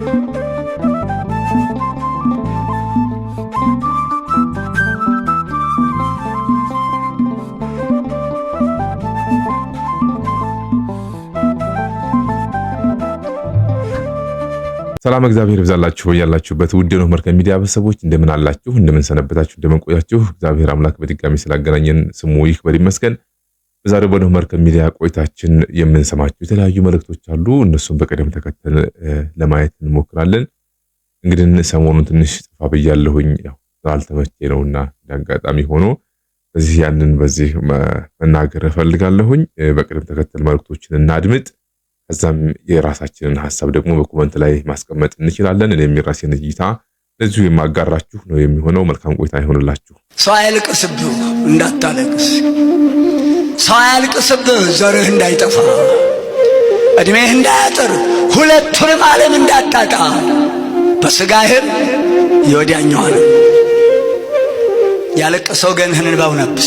ሰላም እግዚአብሔር ይብዛላችሁ ያላችሁበት ውድ ነው መርከብ ሚዲያ ቤተሰቦች እንደምን አላችሁ? እንደምን ሰነበታችሁ? እንደምን ቆያችሁ? እግዚአብሔር አምላክ በድጋሚ ስላገናኘን ስሙ ይክበር ይመስገን። በዛሬው በኖህ መርከብ ሚዲያ ቆይታችን የምንሰማቸው የተለያዩ መልእክቶች አሉ። እነሱም በቅደም ተከተል ለማየት እንሞክራለን። እንግዲህ ሰሞኑን ትንሽ ጥፋ ብያለሁኝ፣ ስላልተመቼ እና እንዳጋጣሚ ሆኖ በዚህ ያንን በዚህ መናገር እፈልጋለሁኝ። በቅደም ተከተል መልእክቶችን እናድምጥ። ከዛም የራሳችንን ሀሳብ ደግሞ በኮመንት ላይ ማስቀመጥ እንችላለን። እኔም የራሴን እይታ እዚሁ የማጋራችሁ ነው የሚሆነው። መልካም ቆይታ ይሆንላችሁ። ሰው አያልቅስብህ እንዳታለቅስ ሰው ያልቅስብህ፣ ዘርህ እንዳይጠፋ፣ ዕድሜህ እንዳያጥር፣ ሁለቱንም ዓለም እንዳጣጣ በሥጋህም የወዲያኛዋን ያለቀሰው ገንህን እንባው ነብስ፣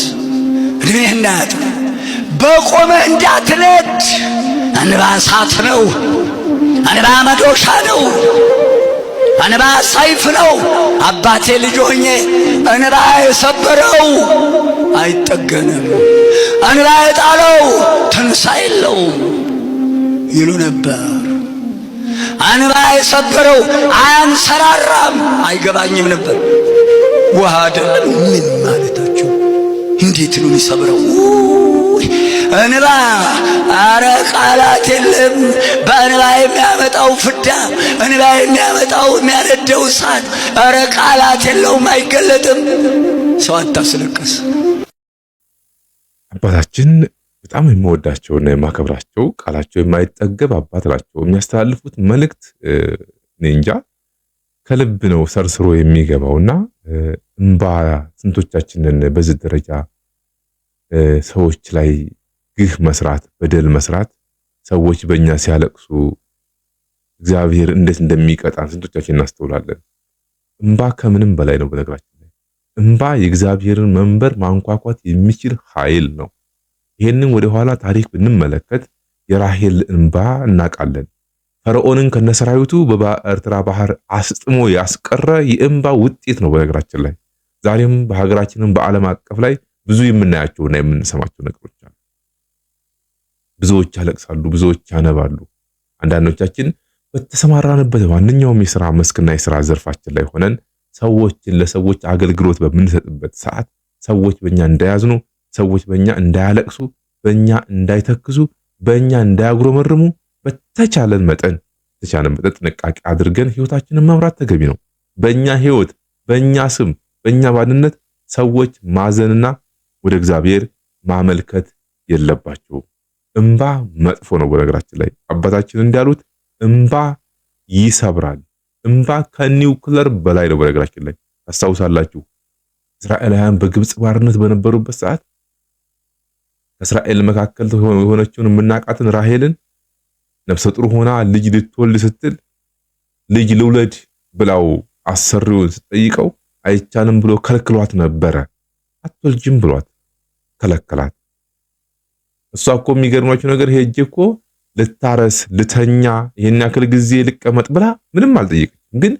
ዕድሜህ እንዳያጥር፣ በቆመህ እንዳትነድ። እንባ እሳት ነው። እንባ መዶሻ ነው። እንባ ሰይፍ ነው። አባቴ ልጅ ሆኜ እንባ የሰበረው አይጠገንም፣ አንድ ላይ ጣለው ተነሳ የለውም ይሉ ነበር። እንባ የሰበረው አያንሰራራም አይገባኝም ነበር። ውሃ አይደለም ምን ማለታቸው? እንዴት ነው የሚሰብረው? እንባ አረ ቃላት የለም። በእንባ የሚያመጣው ፍዳ፣ እንባ የሚያመጣው የሚያነደው እሳት፣ አረ ቃላት የለውም፣ አይገለጥም። ሰው አታስለቅስ። አባታችን በጣም የምወዳቸውና የማከብራቸው ቃላቸው የማይጠገብ አባት ናቸው። የሚያስተላልፉት መልእክት እንጃ ከልብ ነው ሰርስሮ እና እምባ ስንቶቻችንን በዚህ ደረጃ ሰዎች ላይ ግህ መስራት፣ በደል መስራት፣ ሰዎች በእኛ ሲያለቅሱ እግዚአብሔር እንዴት እንደሚቀጣን ስንቶቻችን እናስተውላለን። እምባ ከምንም በላይ ነው በነገራችን እንባ የእግዚአብሔርን መንበር ማንኳኳት የሚችል ኃይል ነው። ይህንን ወደ ኋላ ታሪክ ብንመለከት የራሄል እንባ እናውቃለን። ፈርዖንን ከነሰራዊቱ በኤርትራ ባህር አስጥሞ ያስቀረ የእንባ ውጤት ነው። በነገራችን ላይ ዛሬም በሀገራችንም በዓለም አቀፍ ላይ ብዙ የምናያቸውና የምንሰማቸው ነገሮች አሉ። ብዙዎች ያለቅሳሉ፣ ብዙዎች ያነባሉ። አንዳንዶቻችን በተሰማራንበት ማንኛውም የስራ መስክና የስራ ዘርፋችን ላይ ሆነን ሰዎችን ለሰዎች አገልግሎት በምንሰጥበት ሰዓት ሰዎች በእኛ እንዳያዝኑ፣ ሰዎች በእኛ እንዳያለቅሱ፣ በእኛ እንዳይተክዙ፣ በእኛ እንዳያጉረመርሙ በተቻለን መጠን ተቻለን መጠን ጥንቃቄ አድርገን ህይወታችንን መምራት ተገቢ ነው። በእኛ ህይወት፣ በእኛ ስም፣ በእኛ ባንነት ሰዎች ማዘንና ወደ እግዚአብሔር ማመልከት የለባቸውም። እምባ መጥፎ ነው። በነገራችን ላይ አባታችን እንዳሉት እምባ ይሰብራል። እምባ ከኒውክለር በላይ ነው። በነገራችን ላይ ታስታውሳላችሁ እስራኤላውያን በግብፅ ባርነት በነበሩበት ሰዓት ከእስራኤል መካከል የሆነችውን የምናቃትን ራሄልን ነፍሰ ጡር ሆና ልጅ ልትወልድ ስትል ልጅ ልውለድ ብላው አሰሪውን ስትጠይቀው አይቻልም ብሎ ከልክሏት ነበረ። አትወልጅም ብሏት ከለከላት። እሷ እኮ የሚገርማችሁ ነገር ሄጄ እኮ ልታረስ፣ ልተኛ፣ ይህን ያክል ጊዜ ልቀመጥ ብላ ምንም አልጠየቀችም። ግን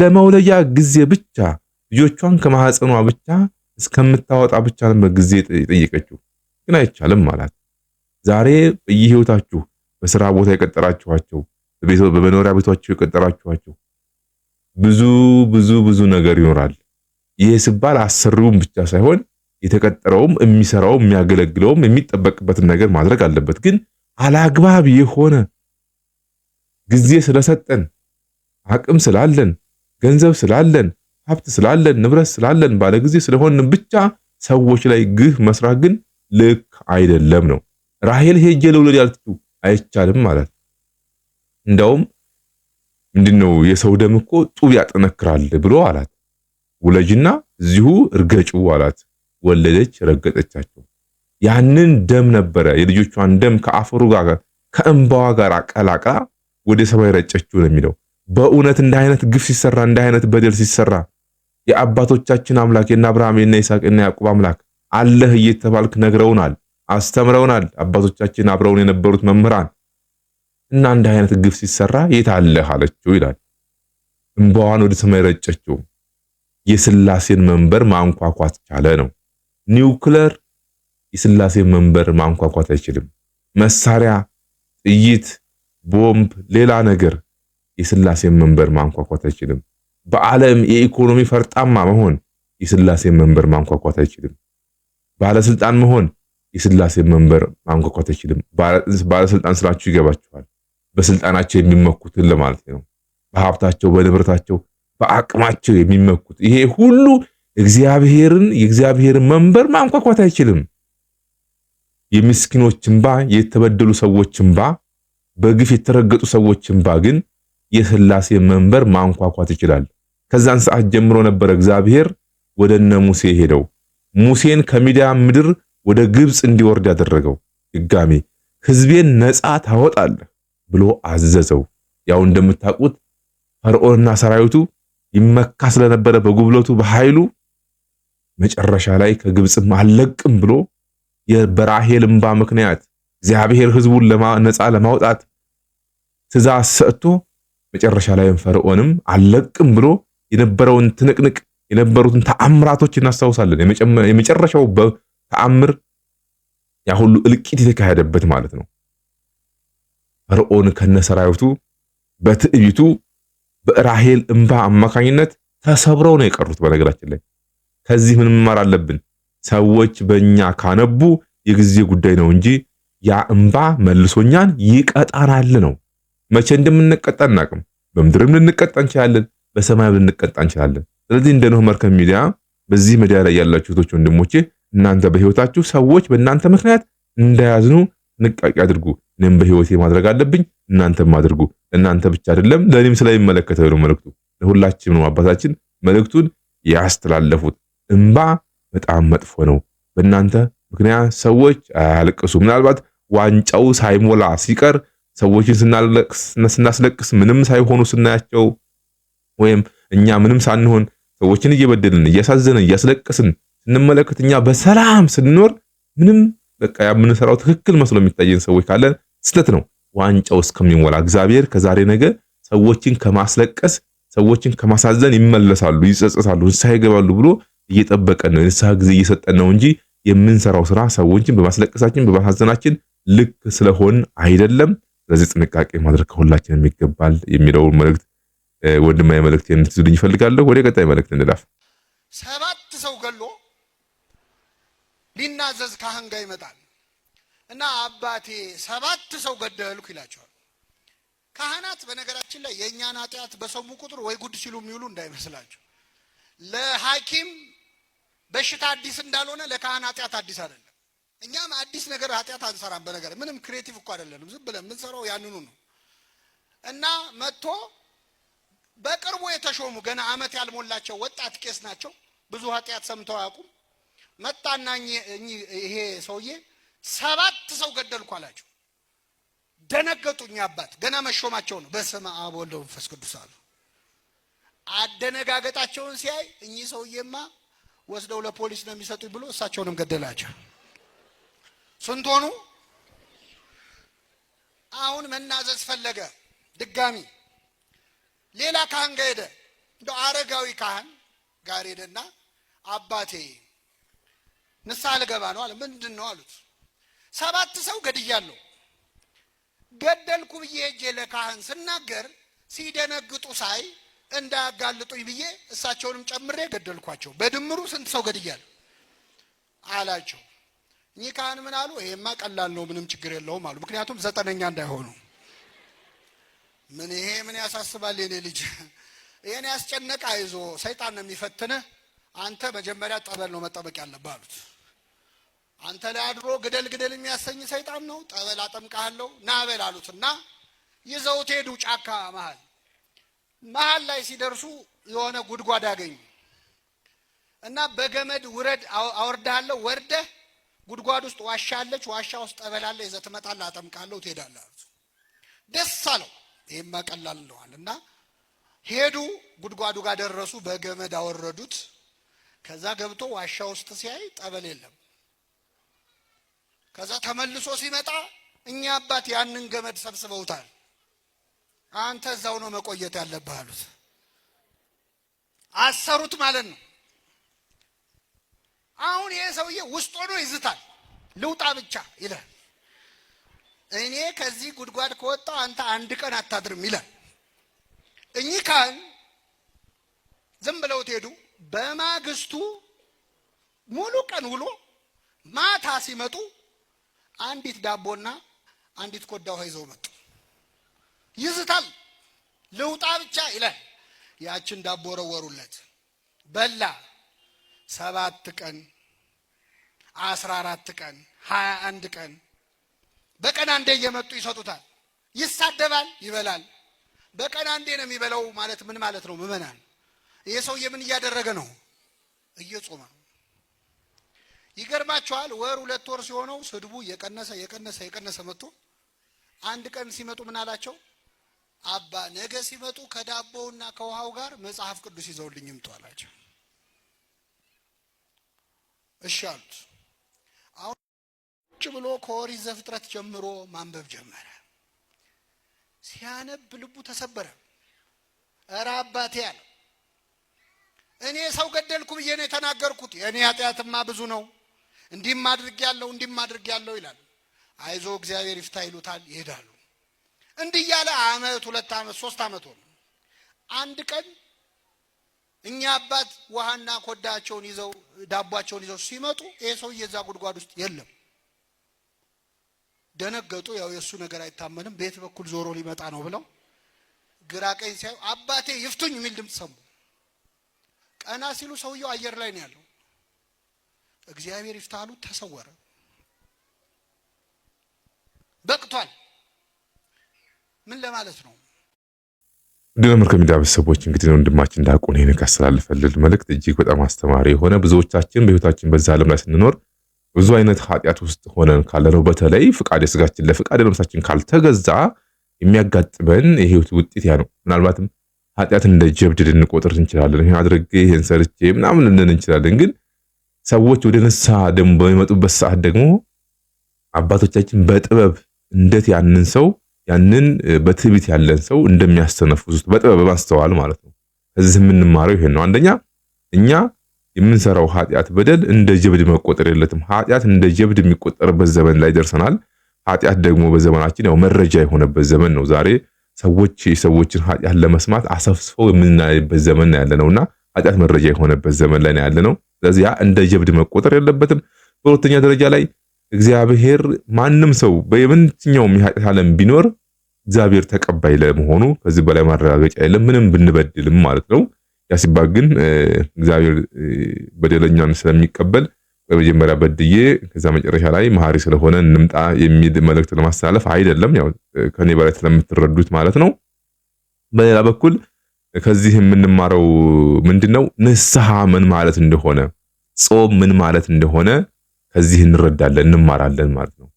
ለመውለያ ጊዜ ብቻ ልጆቿን ከማህፀኗ ብቻ እስከምታወጣ ብቻ ጊዜ የጠየቀችው ግን አይቻልም ማለት ዛሬ በየህይወታችሁ በስራ ቦታ የቀጠራችኋቸው በመኖሪያ ቤቷቸው የቀጠራችኋቸው ብዙ ብዙ ብዙ ነገር ይኖራል። ይህ ሲባል አሰሪውም ብቻ ሳይሆን የተቀጠረውም የሚሰራውም የሚያገለግለውም የሚጠበቅበትን ነገር ማድረግ አለበት። ግን አላግባብ የሆነ ጊዜ ስለሰጠን አቅም ስላለን ገንዘብ ስላለን ሀብት ስላለን ንብረት ስላለን ባለ ጊዜ ስለሆንን ብቻ ሰዎች ላይ ግፍ መስራት ግን ልክ አይደለም ነው። ራሄል ሄጄ ልውለድ ያለችው አይቻልም ማለት እንደውም ምንድነው የሰው ደም እኮ ጡብ ያጠነክራል ብሎ አላት። ውለጅና እዚሁ እርገጩ አላት። ወለደች፣ ረገጠቻቸው። ያንን ደም ነበረ የልጆቿን ደም ከአፈሩ ጋር ከእንባዋ ጋር አቀላቅላ ወደ ሰማይ ረጨችው ነው የሚለው። በእውነት እንደ አይነት ግፍ ሲሰራ እንደ አይነት በደል ሲሰራ የአባቶቻችን አምላክ የና አብርሃም የነ ይስሐቅ የነ ያዕቆብ አምላክ አለህ እየተባልክ ነግረውናል፣ አስተምረውናል አባቶቻችን አብረውን የነበሩት መምህራን እና እንደ አይነት ግፍ ሲሰራ የት አለህ አለችው ይላል። እንባዋን ወደ ሰማይ ረጨችው። የስላሴን መንበር ማንኳኳት ቻለ ነው ኒውክለር የስላሴ መንበር ማንኳኳት አይችልም። መሳሪያ፣ ጥይት፣ ቦምብ፣ ሌላ ነገር የስላሴ መንበር ማንኳኳት አይችልም። በዓለም የኢኮኖሚ ፈርጣማ መሆን የስላሴ መንበር ማንኳኳት አይችልም። ባለስልጣን መሆን የስላሴ መንበር ማንኳኳት አይችልም። ባለስልጣን ስላችሁ ይገባችኋል። በስልጣናቸው የሚመኩትን ለማለት ነው። በሀብታቸው፣ በንብረታቸው፣ በአቅማቸው የሚመኩት ይሄ ሁሉ እግዚአብሔርን የእግዚአብሔርን መንበር ማንኳኳት አይችልም። የምስኪኖች እንባ፣ የተበደሉ ሰዎች እንባ፣ በግፍ የተረገጡ ሰዎች እንባ ግን የስላሴ መንበር ማንኳኳት ይችላል። ከዛን ሰዓት ጀምሮ ነበር እግዚአብሔር ወደ እነ ሙሴ ሄደው ሙሴን ከሚዲያም ምድር ወደ ግብፅ እንዲወርድ ያደረገው ድጋሜ ህዝቤን ነፃ ታወጣለህ ብሎ አዘዘው። ያው እንደምታውቁት ፈርዖንና ሰራዊቱ ይመካ ስለነበረ በጉብለቱ በኃይሉ መጨረሻ ላይ ከግብፅም አልለቅም ብሎ በራሄል እንባ ምክንያት እግዚአብሔር ህዝቡን ነፃ ለማውጣት ትእዛዝ ሰጥቶ መጨረሻ ላይም ፈርዖንም አለቅም ብሎ የነበረውን ትንቅንቅ የነበሩትን ተአምራቶች እናስታውሳለን። የመጨረሻው ተአምር ያ ሁሉ እልቂት የተካሄደበት ማለት ነው። ፈርዖን ከነሰራዊቱ በትዕቢቱ በራሄል እምባ አማካኝነት ተሰብረው ነው የቀሩት። በነገራችን ላይ ከዚህ ምን መማር አለብን? ሰዎች በእኛ ካነቡ የጊዜ ጉዳይ ነው እንጂ ያ እንባ መልሶኛን ይቀጣናል ነው። መቼ እንደምንቀጣ እናቅም። በምድርም ልንቀጣ እንችላለን፣ በሰማይም ልንቀጣ እንችላለን። ስለዚህ እንደ ኖህ መርከብ ሚዲያ በዚህ ሚዲያ ላይ ያላችሁ እህቶች ወንድሞቼ፣ እናንተ በህይወታችሁ ሰዎች በእናንተ ምክንያት እንዳያዝኑ ጥንቃቄ አድርጉ። እኔም በህይወቴ ማድረግ አለብኝ፣ እናንተም አድርጉ። እናንተ ብቻ አይደለም ለእኔም ስለሚመለከተው ነው መልእክቱ። ለሁላችንም ነው አባታችን መልእክቱን ያስተላለፉት። እንባ በጣም መጥፎ ነው። በእናንተ ምክንያት ሰዎች አያለቅሱ። ምናልባት ዋንጫው ሳይሞላ ሲቀር ሰዎችን ስናስለቅስ ምንም ሳይሆኑ ስናያቸው ወይም እኛ ምንም ሳንሆን ሰዎችን እየበደልን እያሳዘንን እያስለቀስን ስንመለከት እኛ በሰላም ስንኖር ምንም በቃ የምንሰራው ትክክል መስሎ የሚታየን ሰዎች ካለን ስህተት ነው። ዋንጫው እስከሚሞላ እግዚአብሔር ከዛሬ ነገ ሰዎችን ከማስለቀስ ሰዎችን ከማሳዘን ይመለሳሉ፣ ይጸጸታሉ፣ ንስሐ ይገባሉ ብሎ እየጠበቀን ነው፣ የንስሐ ጊዜ እየሰጠን ነው እንጂ የምንሰራው ስራ ሰዎችን በማስለቀሳችን በማሳዘናችን ልክ ስለሆን አይደለም። ስለዚህ ጥንቃቄ ማድረግ ከሁላችንም ይገባል የሚለውን መልእክት ወንድማዊ መልእክት እንድትዙልኝ ይፈልጋለሁ። ወደ ቀጣይ መልእክት እንላፍ። ሰባት ሰው ገሎ ሊናዘዝ ካህን ጋር ይመጣል እና አባቴ ሰባት ሰው ገደልኩ ይላቸዋል። ካህናት በነገራችን ላይ የእኛን ኃጢአት በሰሙ ቁጥር ወይ ጉድ ሲሉ የሚውሉ እንዳይመስላቸው ለሐኪም በሽታ አዲስ እንዳልሆነ ለካህን ኃጢአት አዲስ አይደለም። እኛም አዲስ ነገር ኃጢአት አንሰራም። በነገር ምንም ክሬቲቭ እኮ አይደለንም። ዝም ብለን የምንሰራው ያንኑ ነው። እና መጥቶ በቅርቡ የተሾሙ ገና አመት ያልሞላቸው ወጣት ቄስ ናቸው። ብዙ ኃጢአት ሰምተው አያውቁም። መጣና ይሄ ሰውዬ ሰባት ሰው ገደልኩ አላቸው። ደነገጡኝ። አባት ገና መሾማቸው ነው። በስመ አብ ወልድ ወመንፈስ ቅዱስ አሉ። አደነጋገጣቸውን ሲያይ እኚህ ሰውዬማ ወስደው ለፖሊስ ነው የሚሰጡኝ ብሎ እሳቸውንም ገደላቸው። ስንት ሆኑ? አሁን መናዘዝ ፈለገ። ድጋሚ ሌላ ካህን ጋር ሄደ። እንደ አረጋዊ ካህን ጋር ሄደና አባቴ ንስሐ ልገባ ነው አለ። ምንድን ነው አሉት። ሰባት ሰው ገድያለሁ። ገደልኩ ብዬ ሄጄ ለካህን ስናገር ሲደነግጡ ሳይ እንዳያጋልጡኝ ብዬ እሳቸውንም ጨምሬ ገደልኳቸው። በድምሩ ስንት ሰው ገድያል አላቸው። እኚህ ካህን ምን አሉ? ይሄማ ቀላል ነው፣ ምንም ችግር የለውም አሉ። ምክንያቱም ዘጠነኛ እንዳይሆኑ ምን ይሄ ምን ያሳስባል? የኔ ልጅ ይህን ያስጨነቀ አይዞ፣ ሰይጣን ነው የሚፈትንህ። አንተ መጀመሪያ ጠበል ነው መጠበቅ ያለብህ አሉት። አንተ ላይ አድሮ ግደል ግደል የሚያሰኝ ሰይጣን ነው፣ ጠበል አጠምቃለሁ ናበል አሉትና ይዘውት ሄዱ ጫካ መሀል መሀል ላይ ሲደርሱ የሆነ ጉድጓድ አገኙ እና በገመድ ውረድ አወርዳለሁ ወርደህ ጉድጓድ ውስጥ ዋሻ አለች፣ ዋሻ ውስጥ ጠበላለህ፣ ይዘህ ትመጣለህ፣ አጠምቃለሁ፣ ትሄዳለህ አሉት። ደስ አለው። ይህም ቀላል ነዋል እና ሄዱ። ጉድጓዱ ጋር ደረሱ። በገመድ አወረዱት። ከዛ ገብቶ ዋሻ ውስጥ ሲያይ ጠበል የለም። ከዛ ተመልሶ ሲመጣ እኛ አባት ያንን ገመድ ሰብስበውታል አንተ እዛው ነው መቆየት ያለብህ አሉት። አሰሩት ማለት ነው። አሁን ይሄ ሰውዬ ውስጥ ሆኖ ይዝታል። ልውጣ ብቻ ይላል። እኔ ከዚህ ጉድጓድ ከወጣው አንተ አንድ ቀን አታድርም ይላል። እኚህ ካህን ዝም ብለው ትሄዱ። በማግስቱ ሙሉ ቀን ውሎ ማታ ሲመጡ አንዲት ዳቦና አንዲት ኮዳ ውሃ ይዘው መጡ። ይዝታል። ልውጣ ብቻ ይላል። ያችን ዳቦ ወረወሩለት፣ በላ። ሰባት ቀን፣ አስራ አራት ቀን፣ ሀያ አንድ ቀን በቀን አንዴ እየመጡ ይሰጡታል። ይሳደባል፣ ይበላል። በቀን አንዴ ነው የሚበላው ማለት ምን ማለት ነው? ምዕመናን፣ ይሄ ሰውዬ ምን እያደረገ ነው? እየጾመ ነው። ይገርማችኋል። ወር ሁለት ወር ሲሆነው ስድቡ የቀነሰ የቀነሰ የቀነሰ መጥቶ አንድ ቀን ሲመጡ ምን አላቸው? አባ ነገ ሲመጡ ከዳቦውና ከውሃው ጋር መጽሐፍ ቅዱስ ይዘውልኝ ይምጡ አላቸው። እሺ አሉት። አሁን ቁጭ ብሎ ከኦሪት ዘፍጥረት ጀምሮ ማንበብ ጀመረ። ሲያነብ ልቡ ተሰበረ። እረ አባቴ አለ፣ እኔ ሰው ገደልኩ ብዬ ነው የተናገርኩት። የእኔ ኃጢአትማ ብዙ ነው። እንዲህም አድርጌያለሁ፣ እንዲህም አድርጌያለሁ ይላል። አይዞ እግዚአብሔር ይፍታ ይሉታል፣ ይሄዳሉ። እንዲህ እያለ አመት፣ ሁለት አመት፣ ሶስት አመት ሆነ። አንድ ቀን እኛ አባት ውሃና ኮዳቸውን ይዘው ዳቧቸውን ይዘው ሲመጡ ይሄ ሰውዬ እዛ ጉድጓድ ውስጥ የለም። ደነገጡ። ያው የእሱ ነገር አይታመንም፣ ቤት በኩል ዞሮ ሊመጣ ነው ብለው ግራ ቀኝ ሲያዩ አባቴ ይፍቱኝ የሚል ድምፅ ሰሙ። ቀና ሲሉ ሰውየው አየር ላይ ነው ያለው። እግዚአብሔር ይፍታሉ። ተሰወረ። በቅቷል። ለማለት ነው። ድረምር ከሚዲያ ቤተሰቦች እንግዲህ ወንድማችን ዲያቆን ይህን ያስተላለፈልን መልእክት እጅግ በጣም አስተማሪ የሆነ ብዙዎቻችን በህይወታችን በዛ ዓለም ላይ ስንኖር ብዙ አይነት ኃጢአት ውስጥ ሆነን ካለነው በተለይ ፍቃድ የስጋችን ለፍቃድ ነፍሳችን ካልተገዛ የሚያጋጥመን የህይወት ውጤት ያ ነው። ምናልባትም ኃጢአት እንደ ጀብድ ልንቆጥር እንችላለን። ይህን አድርጌ ይህን ሰርቼ ምናምን ልንን እንችላለን። ግን ሰዎች ወደ ንስሐ ደግሞ በሚመጡበት ሰዓት ደግሞ አባቶቻችን በጥበብ እንዴት ያንን ሰው ያንን በትዕቢት ያለን ሰው እንደሚያስተነፍሱት በጥበብ ማስተዋል ማለት ነው። ከዚህ የምንማረው ይሄን ነው። አንደኛ እኛ የምንሰራው ኃጢአት በደል እንደ ጀብድ መቆጠር የለትም። ኃጢአት እንደ ጀብድ የሚቆጠርበት ዘመን ላይ ደርሰናል። ኃጢአት ደግሞ በዘመናችን ያው መረጃ የሆነበት ዘመን ነው። ዛሬ ሰዎች የሰዎችን ኃጢአት ለመስማት አሰፍስፈው የምናይበት ዘመን ያለ ነውና ኃጢአት መረጃ የሆነበት ዘመን ላይ ያለ ነው። ስለዚህ ያ እንደ ጀብድ መቆጠር የለበትም። በሁለተኛ ደረጃ ላይ እግዚአብሔር ማንም ሰው በየትኛውም የኃጢአት ዓለም ቢኖር እግዚአብሔር ተቀባይ ለመሆኑ ከዚህ በላይ ማረጋገጫ የለም፣ ምንም ብንበድልም ማለት ነው። ያ ሲባል ግን እግዚአብሔር በደለኛን ስለሚቀበል በመጀመሪያ በድዬ ከዛ መጨረሻ ላይ መሐሪ ስለሆነ እንምጣ የሚል መልእክት ለማስተላለፍ አይደለም፣ ያው ከኔ በላይ ስለምትረዱት ማለት ነው። በሌላ በኩል ከዚህ የምንማረው ምንድን ነው? ንስሐ ምን ማለት እንደሆነ፣ ጾም ምን ማለት እንደሆነ ከዚህ እንረዳለን እንማራለን ማለት ነው።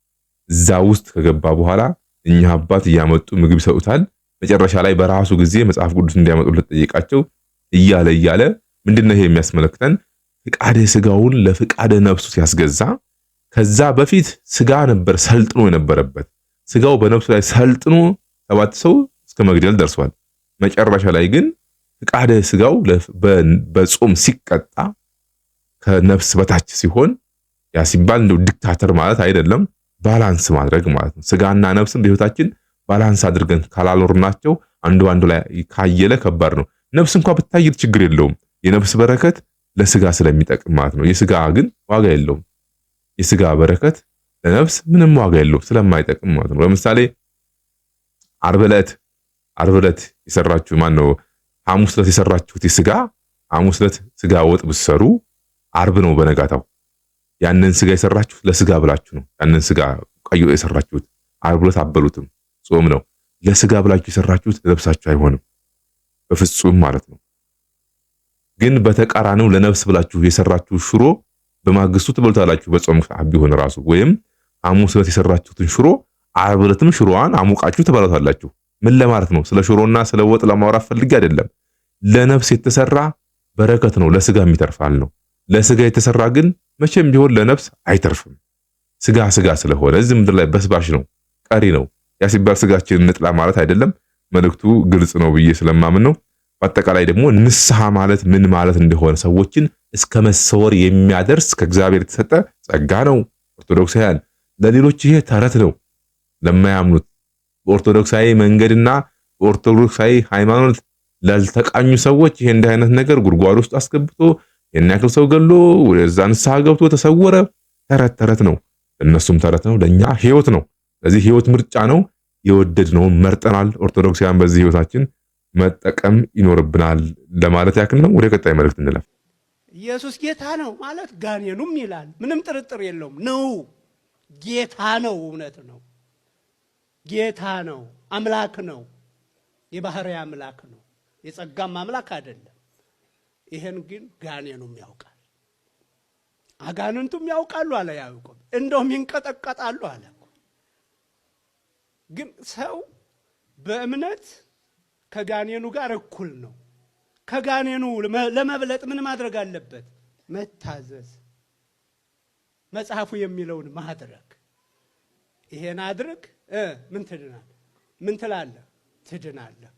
እዛ ውስጥ ከገባ በኋላ እኛ አባት እያመጡ ምግብ ይሰጡታል። መጨረሻ ላይ በራሱ ጊዜ መጽሐፍ ቅዱስ እንዲያመጡለት ጠየቃቸው። እያለ እያለ ምንድነው ይሄ የሚያስመለክተን? ፍቃደ ስጋውን ለፍቃደ ነፍሱ ሲያስገዛ ከዛ በፊት ስጋ ነበር ሰልጥኖ የነበረበት ስጋው በነፍሱ ላይ ሰልጥኖ ሰባት ሰው እስከ መግደል ደርሷል። መጨረሻ ላይ ግን ፍቃደ ስጋው በጾም ሲቀጣ ከነፍስ በታች ሲሆን ያ ሲባል እንደው ዲክታተር ማለት አይደለም፣ ባላንስ ማድረግ ማለት ነው። ስጋና ነፍስን በህይወታችን ባላንስ አድርገን ካላኖርናቸው አንዱ አንዱ ላይ ካየለ ከባድ ነው። ነፍስ እንኳ ብታይል ችግር የለውም። የነፍስ በረከት ለስጋ ስለሚጠቅም ማለት ነው። የስጋ ግን ዋጋ የለውም። የስጋ በረከት ለነፍስ ምንም ዋጋ የለውም ስለማይጠቅም ማለት ነው። ለምሳሌ ዓርብ ዕለት ዓርብ ዕለት የሰራችሁ ማን ነው? ሐሙስ ዕለት የሰራችሁት የስጋ ሐሙስ ዕለት ስጋ ወጥ ብትሰሩ ዓርብ ነው በነጋታው ያንን ስጋ የሰራችሁት ለስጋ ብላችሁ ነው። ያንን ስጋ ቀዩ የሰራችሁት ዓርብ ዕለት አበሉትም፣ ጾም ነው። ለስጋ ብላችሁ የሰራችሁት ለነፍሳችሁ አይሆንም በፍጹም ማለት ነው። ግን በተቃራኒው ለነፍስ ብላችሁ የሰራችሁ ሽሮ በማግስቱ ትበሉታላችሁ፣ በጾም ሰዓት ቢሆን ራሱ ወይም ሐሙስ ዕለት የሰራችሁትን ሽሮ ዓርብ ዕለትም ሽሮዋን አሙቃችሁ ትበላታላችሁ። ምን ለማለት ነው? ስለ ሽሮና ስለ ወጥ ለማውራት ፈልጌ አይደለም። ለነፍስ የተሰራ በረከት ነው፣ ለስጋ የሚተርፋል ነው። ለስጋ የተሰራ ግን መቼም ቢሆን ለነፍስ አይተርፍም። ስጋ ስጋ ስለሆነ እዚህ ምድር ላይ በስባሽ ነው፣ ቀሪ ነው። ያ ሲባል ስጋችንን እንጥላ ማለት አይደለም። መልእክቱ ግልጽ ነው ብዬ ስለማምን ነው። በአጠቃላይ ደግሞ ንስሐ ማለት ምን ማለት እንደሆነ ሰዎችን እስከ መሰወር የሚያደርስ ከእግዚአብሔር የተሰጠ ጸጋ ነው። ኦርቶዶክሳውያን ለሌሎች ይሄ ተረት ነው። ለማያምኑት በኦርቶዶክሳዊ መንገድና በኦርቶዶክሳዊ ሃይማኖት ላልተቃኙ ሰዎች ይሄ እንዲህ አይነት ነገር ጉድጓድ ውስጥ አስገብቶ የሚያክል ሰው ገሎ ወደዛ ንስሐ ገብቶ ተሰወረ። ተረት ተረት ነው፣ እነሱም ተረት ነው፣ ለእኛ ህይወት ነው። ስለዚህ ህይወት ምርጫ ነው። የወደድነውን መርጠናል። ኦርቶዶክሳውያን በዚህ ህይወታችን መጠቀም ይኖርብናል ለማለት ያክል ነው። ወደ ቀጣይ መልእክት እንለፍ። ኢየሱስ ጌታ ነው ማለት ጋኔኑም ይላል፣ ምንም ጥርጥር የለውም። ነው ጌታ ነው፣ እውነት ነው፣ ጌታ ነው፣ አምላክ ነው፣ የባህሪ አምላክ ነው፣ የጸጋም አምላክ አይደለም። ይሄን ግን ጋኔኑም ያውቃል። አጋንንቱም ያውቃሉ አለ ያዕቆብ። እንደውም ይንቀጠቀጣሉ አለ። ግን ሰው በእምነት ከጋኔኑ ጋር እኩል ነው። ከጋኔኑ ለመብለጥ ምን ማድረግ አለበት? መታዘዝ፣ መጽሐፉ የሚለውን ማድረግ። ይሄን አድርግ፣ ምን ትድናል? ምን ትላለህ? ትድናለህ።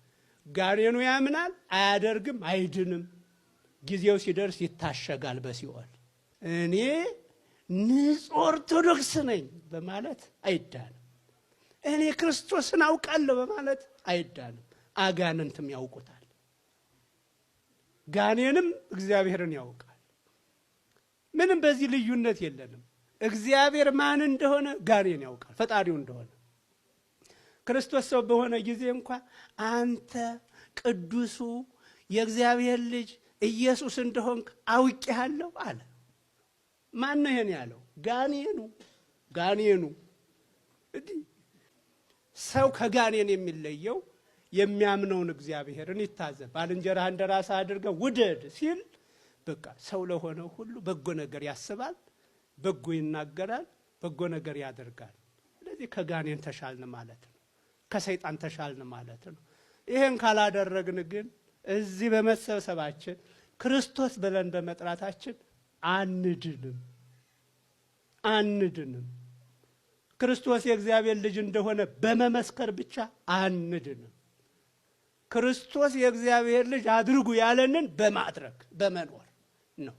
ጋኔኑ ያምናል፣ አያደርግም፣ አይድንም። ጊዜው ሲደርስ ይታሸጋል በሲኦል። እኔ ንጹህ ኦርቶዶክስ ነኝ በማለት አይዳንም። እኔ ክርስቶስን አውቃለሁ በማለት አይዳንም። አጋንንትም ያውቁታል። ጋኔንም እግዚአብሔርን ያውቃል። ምንም በዚህ ልዩነት የለንም። እግዚአብሔር ማን እንደሆነ ጋኔን ያውቃል፣ ፈጣሪው እንደሆነ ክርስቶስ ሰው በሆነ ጊዜ እንኳ አንተ ቅዱሱ የእግዚአብሔር ልጅ ኢየሱስ እንደሆንክ አውቄሃለሁ አለ። ማን ነው ይሄን ያለው? ጋኔኑ ጋኔኑ። እንዲህ ሰው ከጋኔን የሚለየው የሚያምነውን እግዚአብሔርን ይታዘብ። ባልንጀራህ እንደ ራስህ አድርገህ ውደድ ሲል በቃ ሰው ለሆነ ሁሉ በጎ ነገር ያስባል፣ በጎ ይናገራል፣ በጎ ነገር ያደርጋል። ስለዚህ ከጋኔን ተሻልን ማለት ነው፣ ከሰይጣን ተሻልን ማለት ነው። ይሄን ካላደረግን ግን እዚህ በመሰብሰባችን ክርስቶስ ብለን በመጥራታችን አንድንም አንድንም ክርስቶስ የእግዚአብሔር ልጅ እንደሆነ በመመስከር ብቻ አንድንም ክርስቶስ የእግዚአብሔር ልጅ አድርጉ ያለንን በማድረግ በመኖር ነው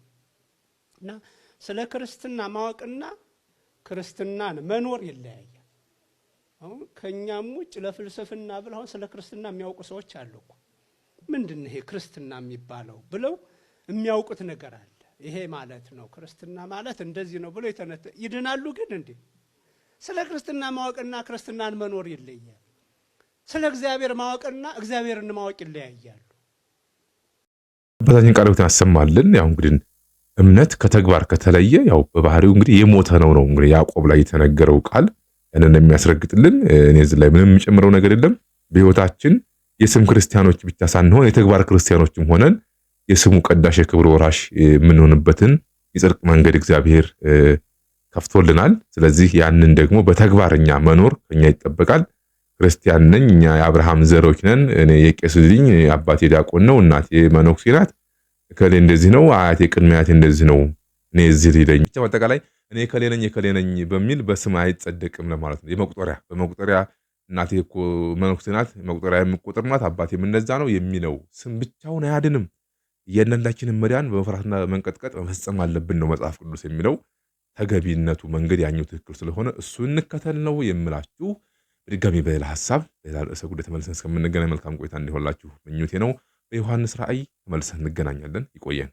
እና ስለ ክርስትና ማወቅና ክርስትናን መኖር ይለያያል። አሁን ከእኛም ውጭ ለፍልስፍና ብለው አሁን ስለ ክርስትና የሚያውቁ ሰዎች አሉ እኮ ምንድን ይሄ ክርስትና የሚባለው ብለው የሚያውቁት ነገር አለ። ይሄ ማለት ነው ክርስትና ማለት እንደዚህ ነው ብሎ የተነተ ይድናሉ። ግን እንዴ ስለ ክርስትና ማወቅና ክርስትናን መኖር ይለያል። ስለ እግዚአብሔር ማወቅና እግዚአብሔርን ማወቅ ይለያያሉ። አባታችን ቃለ ሕይወት ያሰማልን። ያው እንግዲህ እምነት ከተግባር ከተለየ ያው በባህሪው እንግዲህ የሞተ ነው ነው እንግዲህ ያዕቆብ ላይ የተነገረው ቃል ያንን የሚያስረግጥልን። እኔ እዚህ ላይ ምንም የምጨምረው ነገር የለም በህይወታችን የስም ክርስቲያኖች ብቻ ሳንሆን የተግባር ክርስቲያኖችም ሆነን የስሙ ቀዳሽ የክብር ወራሽ የምንሆንበትን የጽድቅ መንገድ እግዚአብሔር ከፍቶልናል። ስለዚህ ያንን ደግሞ በተግባር እኛ መኖር ከኛ ይጠበቃል። ክርስቲያን ነኝ፣ እኛ የአብርሃም ዘሮች ነን። እኔ የቄስ ልኝ፣ አባቴ ዲያቆን ነው፣ እናቴ መነኩሴ ናት፣ እከሌ እንደዚህ ነው፣ አያቴ ቅድመ አያቴ እንደዚህ ነው፣ እኔ እዚህ ሊለኝ ብቻ በአጠቃላይ እኔ የከሌ ነኝ የከሌ ነኝ በሚል በስም አይጸደቅም ለማለት ነው። የመቁጠሪያ በመቁጠሪያ እናቴ እኮ መነኩሴ ናት፣ መቁጠሪያ የምቆጥር ናት፣ አባቴም እነዛ ነው የሚለው ስም ብቻውን አያድንም። እያንዳንዳችንን መዳን በመፍራትና መንቀጥቀጥ መፈጸም አለብን ነው መጽሐፍ ቅዱስ የሚለው። ተገቢነቱ መንገድ ያኛው ትክክል ስለሆነ እሱ እንከተል ነው የምላችሁ። በድጋሚ በሌላ ሀሳብ በሌላ ርዕሰ ጉዳይ ተመልሰን እስከምንገናኝ መልካም ቆይታ እንዲሆንላችሁ ምኞቴ ነው። በዮሐንስ ራእይ ተመልሰን እንገናኛለን። ይቆየን።